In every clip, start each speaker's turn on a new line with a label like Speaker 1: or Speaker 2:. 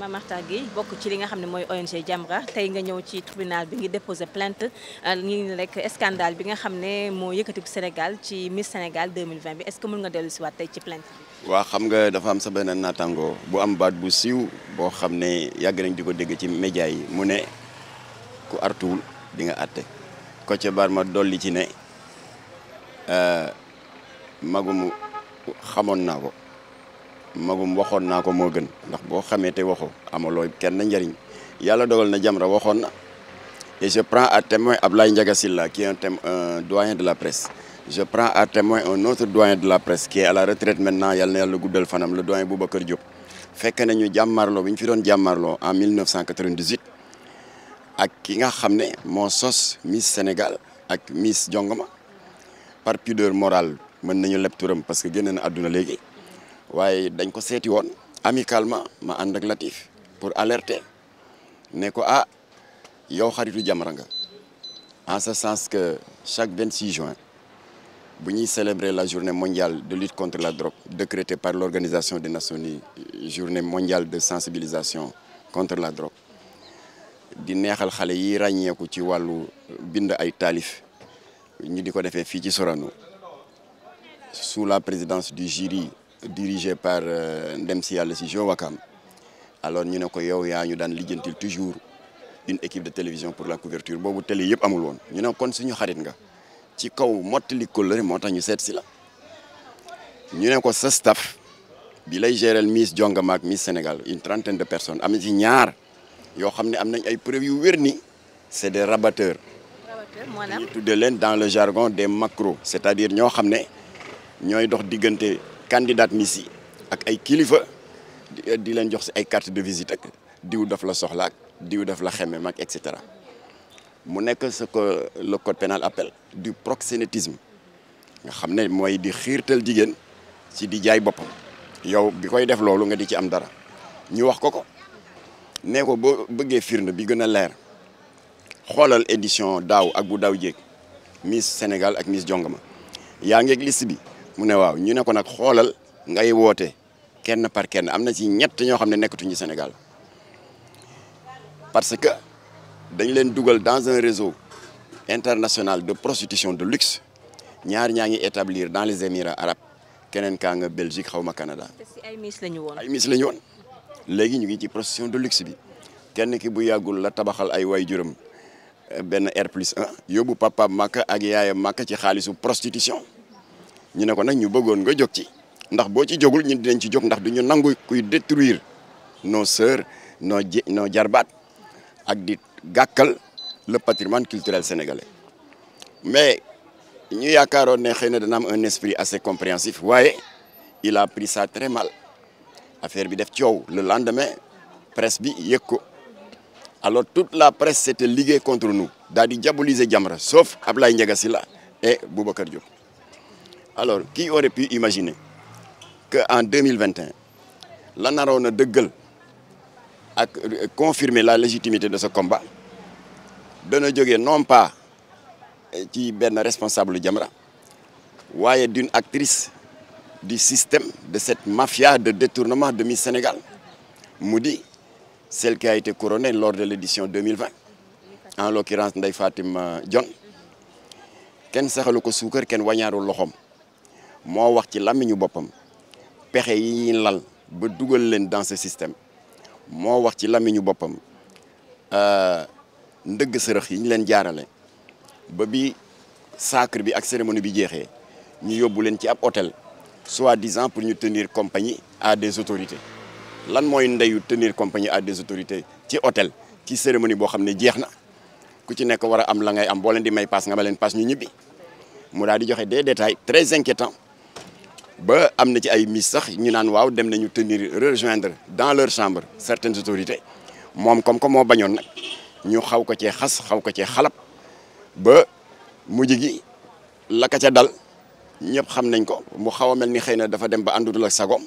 Speaker 1: Mame Makhtar Guèye bokk ci li nga xam ne mooy ONG Jamra tey nga ñëw ci tribunal bi ngi déposé plainte ñi euh, ngi rek scandale bi nga xam ne moo yëkkati Sénégal ci Miss Sénégal 2020 bi est-ce que mën nga dellu si waat tey ci plainte bi xam nga dafa am sa beneen naataango bu am baat bu siiw boo xam ne yàgg nañ di ko dégg ci média yi mu ne ku artuwul di nga àtte ko ca baar ma dolli ci ne euh, magum xamoon naa ko magum waxoon naa ko moo gën ndax boo xamee te waxoo amaloo kenn njariñ yàlla dogal na Jamra waxoon na et je prends à témoin Ablaye Ndiaga Sylla la est un thème un doyen de la presse je prends à témoin un autre doyen de la presse qui est à la retraite maintenant yàlla na yàlla guddal fanam le doyen Boubacar Diop fekk nañu jàmmarloo bi ñu fi doon jàmmarloo en 1998 ak ki nga xam ne moo sos Miss Sénégal ak Miss Jongoma par pudeur morale mën nañu leb turam parce que génn na àdduna léegi waaye dañ ko seeti woon amicalement ma ànd ak Latif pour alerte ne ko ah yow xaritu Jamra nga en ce sens que chaque 26 juin bu ñuy célébrer la journée mondiale de lutte contre la drop décrétée par l'Organisation de Nations Unies journée mondiale de sensibilisation contre la drogue di neexal xale yi ràññeeku ci wàllu bind ay taalif ñu di ko defee fii ci Sorano sous la présidence du jury dirigé par euh, ndem si yàlla si Jo alors ñu ne ko yow yaa ñu daan lijjantil toujours une équipe de télévision pour la couverture boobu télé yëpp amul woon ñu ne kon suñu xarit nga ci kaw mottali kóllëre moo tax ñu seet si la ñu ne ko sa staff bi lay gérer Miss Jongama ak Miss Sénégal une trentaine de personnes am ci ñaar yoo xam ne am nañ ay preuves yu wér ni c'est des rabatteurs ñu tudde leen dans le jargon des macro c'est-à-dire ñoo xam ne ñooy dox diggante candidate Miss yi ak ay kilifa di eh, leen jox si ay carte de visite ak diw daf la soxla diw daf la xeme mag et cetera mu nekk ce que le code pénal appelle du proxénétisme nga xam ne mooy di xiirtal jigéen si di jaay boppam yow bi koy def loolu nga di ci am dara ñu wax ko ko nee ko boo bëggee firnde bi gën a leer xoolal édition daaw ak bu daaw jeeg Miss Sénégal ak Miss Jongama yaa ngeeg liste bi mu ne waaw ñu ne ko nag xoolal ngay woote kenn par kenn am na ci ñett ñoo xam ne nekkatuñu Sénégal parce que dañ leen dugal dans un réseau international de prostitution de luxe ñaar ñaa ngi établir dans les Émirats arabes keneen kaa nga Belgique xaw ma Canada. te si ay miss lañu woon léegi ñu ngi ci prostitution de luxe bi kenn ki bu yàggul la tabaxal ay way juróom eh, benn R plus 1 yóbbu papa Makka ak yaay Makka ci xaalisu prostitution. ñu ne ko nag ñu bëggoon nga jog ci ndax boo ci jógul ñun dinañ ci jog ndax du ñu nangu kuy détruire nos sœurs nos nos jarbaat ak di gàkkal le patrimoine culturel sénégalais mais ñu yaakaaroon ne xëy na dana am un esprit assez compréhensif waaye il a pris ça très mal affaire bi def coow le lendemain presse bi yëg ko alors tout la presse s'était liguée contre nous daal di diaboliser Jamra sauf Ablaye Ndiaga Sylla et Boubacar Diop alors qui aurait pu imaginer que en 2021 la naroon a dëggal ak euh, confirmer la légitimité de ce combat dana jógee non pas euh, ci benn responsable Jamra waaye d'une actrice du système de cette mafia de détournement de mi Sénégal mu di celle qui a été couronnée lors de l'édition 2020 en l'occurrence Ndeye Fatim Dione kenn saxalu ko suukar kenn wañaarul loxoom moo wax ci làmmiñu boppam pexe yi ñuy lal ba dugal leen dans ce système moo wax ci làmmiñu boppam euh, ndëgg sërëx yi ñu leen jaarale ba bi sacre bi ak cérémonie bi jeexee ñu yobbu leen ci ab hôtel soi-disant pour ñu tenir compagnie à des autorités lan mooy ndeyu tenir compagnie à des autorités ci hôtel ci cérémonie boo xam ne jeex na ku ci nekk war a am la ngay am boo leen di may paas nga ma leen paas ñu ñibbi mu daal di joxe des détails très inquiétants ba am na ci ay miss sax ñu naan waaw dem nañu tenir rejoindre dans leur chambre certaines autorités moom comme que moo bañoon nag ñu xaw ko cee xas xaw ko cee xalab ba mujj gi la dal ñëpp xam nañ ko mu xaw a mel ni xëy na dafa dem ba àndutul ak sagoom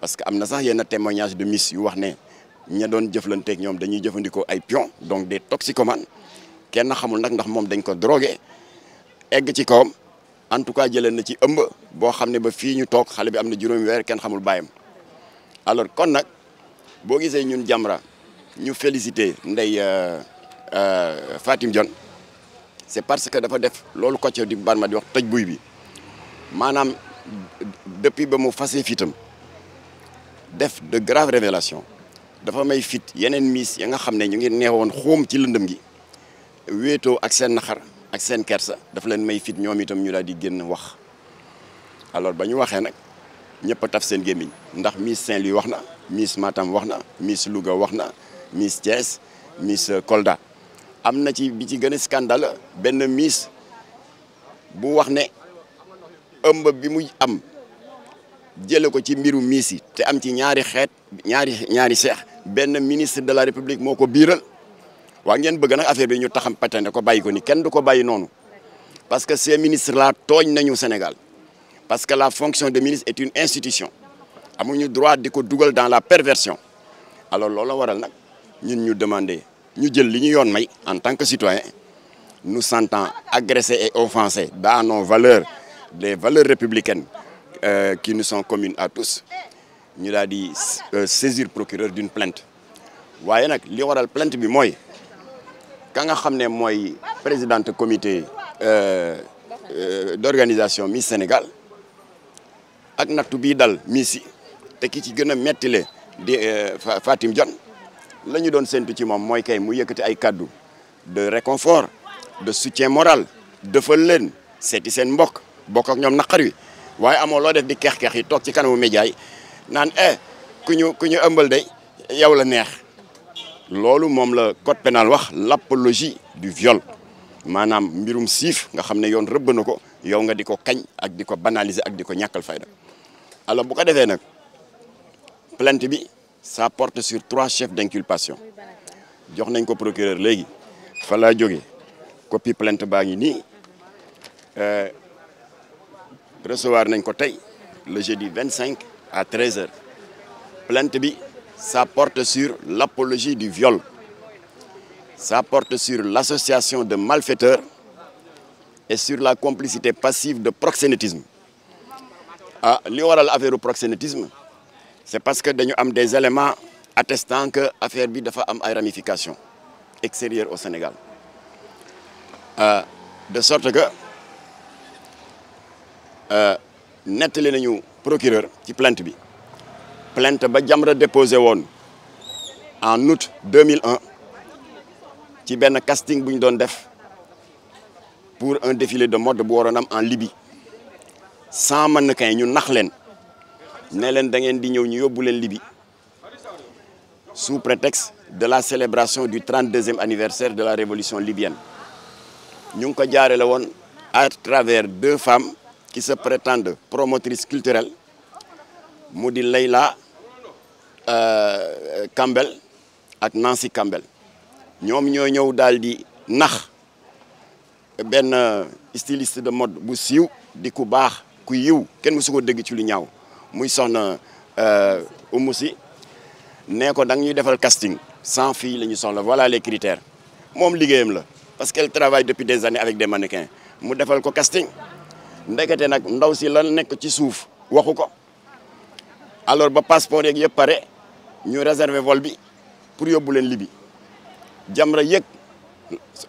Speaker 1: parce que am na sax yenn témoignage de miss yu wax ne ña doon jëflanteeg ñoom dañuy jëfandikoo ay pion donc des toxicomanes kenn xamul nag ndax moom dañ ko drogué egg ci kawam. en tout cas jëlee na ci ëmb boo xam ne ba fii ñu toog xale bi am na juróomi weer kenn xamul bàyyam alors kon nag boo gisee ñun Jamra ñu félicité Ndeye euh, euh, Fatim Dione c'est parce que dafa def loolu ko di barma di wax tëj buy bi maanaam depuis ba mu fase fitam def de grave révélation dafa may fit yeneen miis ya nga xam ne ñu ngi neewoon xóom ci lëndëm gi wéetoo ak seen xar ak seen kersa daf leen may fit ñoom itam ñu daal di génn wax alors ba ñu waxee nag ñëpp a taf seen gémmiñ ndax Miss Saint-Louis wax na Miss Matam wax na miis Louga wax na Miss Thiès Miss Kolda am na ci bi ci gën a scandale benn Miss bu wax ne ëmb bi mu am jële ko ci mbiru Miss yi te am ci ñaari xeet ñaari ñaari seex benn ministre de la République moo ko biiral waa ngeen bëgg nag affaire bi ñu taxam patane ko bàyyi ko ni kenn du ko bàyyi noonu parce que ces ministres la tooñ nañu Sénégal parce que la fonction de ministre est une institution amuñu droit di ko dugal dans la perversion alors loola waral nag ñun ñu demander ñu jël li ñu yoon may en tant que citoyen nous sentant agressés et offensés dans nos valeurs des valeur républicaines euh, qui nous commune à tous ñu daal di euh, saisir procureur d'une plainte waaye nag li waral plainte bi mooy ka nga xam ne mooy présidente comité euh, euh, d'organisation Miss Sénégal ak nattu bii dal Miss yi te ki ci gën a mettile di euh, Fatim Dione la ñu doon séntu ci moom mooy kay mu yëkkati ay kaddu de réconfort de soutien moral defal leen seeti seen mbokk bokk ak ñoom naqar wi waaye amoo loo def di keex-keex yi toog ci kanamu média yi naan eh ku ñu ku ñu ëmbal day yow la neex loolu moom la code pénal wax l'apologie du viol maanaam mbirum siif nga xam ne yoon rëbb na ko yow nga di ko kañ ak di ko banaliser ak di ko ñàkkal fayda alors bu ko defee nag plainte bi ça porte sur trois chefs d'inculpation jox nañ ko procureur léegi fa laa jógee copie plainte baa ngi nii euh, recevoir nañ ko tey le jeudi vingt cinq à treize heures plainte bi ça porte sur l'apologie du viol. Ça porte sur l'association de malfaiteurs et sur la complicité passive de proxénétisme. Ah li waral affaire proxénétisme c'est parce que dañu am des éléments attestant que affaire bi dafa am ay ramifications extérieures au Sénégal euh, de sorte que ah, nettali nañu procureur ci plante bi plainte ba Jamra déposé woon en août 2001 ci benn casting bu ñu doon def pour un défilé de mode bu waroon am en Libye cent mannequins yi ñu nax leen ne leen da ngeen di ñëw ñu yóbbu leen Libye sous prétexte de la célébration du 32e anniversaire de la révolution libyenne ñu ngi ko jaare la woon à travers deux femmes qui se prétendent promotrices culturelles mu di Leila Kambel euh, ak Nancy Kambel ñoom ñoo ñëw daal di nax benn styliste de mode bu siiw di ku baax ku yiw kenn mësu ko dégg ci lu ñaaw muy soxna euh, Oumou Sy nee ko da nga ñuy defal casting cent filles la ñu soxla voilà les critères moom liggéeyam la parce qu'elle travaille depuis des années avec des mannequins mu defal ko casting ndekete nag ndaw si lan nekk ci suuf waxu ko alors ba passeport yeeg yëpp pare ñu réserver vol bi pour yóbbu leen Libye Jamra yëg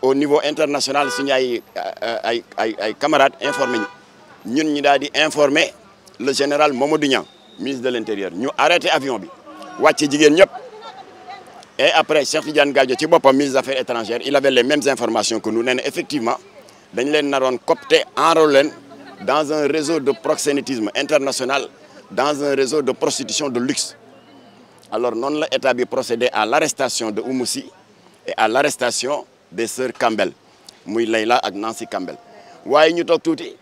Speaker 1: au niveau international suñu ay euh, ay ay ay camarades informé ñu ñun ñu daal di informer le général Mamadou Niang ministre de l'intérieur ñu arrêté avion bi wàcc jigéen ñëpp et après Cheikh Tidiane Gadio ci boppam ministre des affaires étrangères il avait les mêmes informations que nous nee effectivement dañ leen naroon copté enrôle leen dans un réseau de proxénétisme international dans un réseau de prostitution de luxe alors noonu la état bi procédé à l'arrestation de Oumoussi et à l'arrestation des sœurs Campbell muy Layla ak Nancy Campbell waaye ñu toog tuuti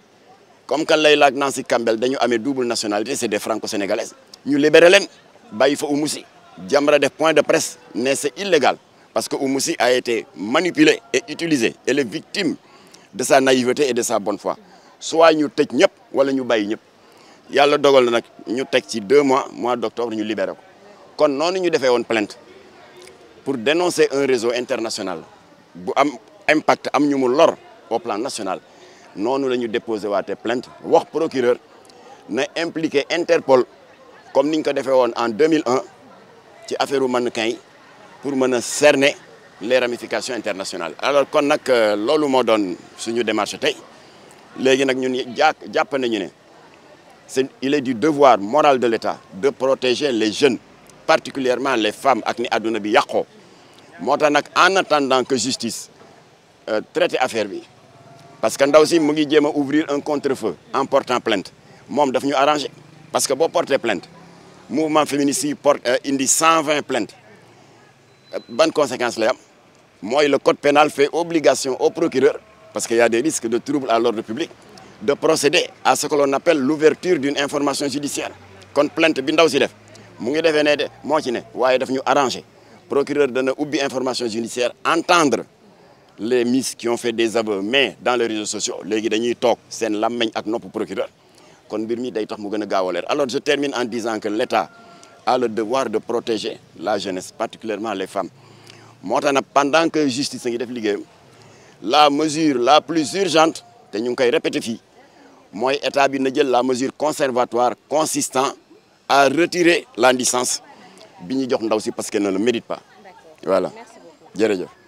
Speaker 1: comme que Layla ak Nancy Campbell dañu amee double nationalité c'est des franco-sénégalaises ñu libéré leen bay fa Oumoussi Jamra def point de presse ne c'est illégal parce que Oumoussi a été manipulé et utilisé elle est victime de sa naïveté et de sa bonne foi soit ñu tëj ñëpp wala ñu bàyyi ñëpp yàlla dogal na nag ñu teg ci deux mois mois d'octobre ñu libéré ko kon noonu ñu defee woon plainte pour dénoncer un réseau international bu am impact am ñu mu lor au plan national noonu la ñu déposé waate plainte wax procureur na impliqué Interpol comme niñ ko defee woon en 2001 ci affaire man mannequin yi pour mën a cerner les ramifications internationales alors kon nag euh, loolu moo doon suñu démarche tey léegi nag ñun jàpp jàpp nañu ne c'est il est du devoir moral de l'État de protéger les jeunes particulièrement les femmes ak ni àdduna bi yàqoo moo tax nag en attendant que justice euh, traité affaire bi parce que ndaw si mu ngi jéem a ouvrir un contre-feu en portant plainte moom def ñu arrangé parce que boo porté plainte mouvement féministe yi porte euh, indi cent vingt plaintes ban conséquence lay am mooy le code pénal fait obligation au procureur parce que y a des risques de trouble à l'ordre public de procéder à ce que l'on appelle l'ouverture d'une information judiciaire kon plainte bi ndaw si def mu ngi defee ne moo ci ne waaye daf ñu arrangé procureur dana ubbi information judiciaire entendre les miss qui ont fait des aveux mais dans le réseaux sociaux léegi dañuy toog seen làmmiñ ak nopp procureur kon mbir mi day tax mu gën a gaaw a leer alors je termine en disant que l'État a le devoir de protéger la jeunesse particulièrement les femmes moo tax na pendant que justice a ngi def liggéeyam la mesure la plus urgente te ñu ngi koy répété fii mooy état bi na jël la mesure conservatoire consistant à retirer la licence bi ñu jox ndaw si parce que ne le mérite pas voilà jërëjëf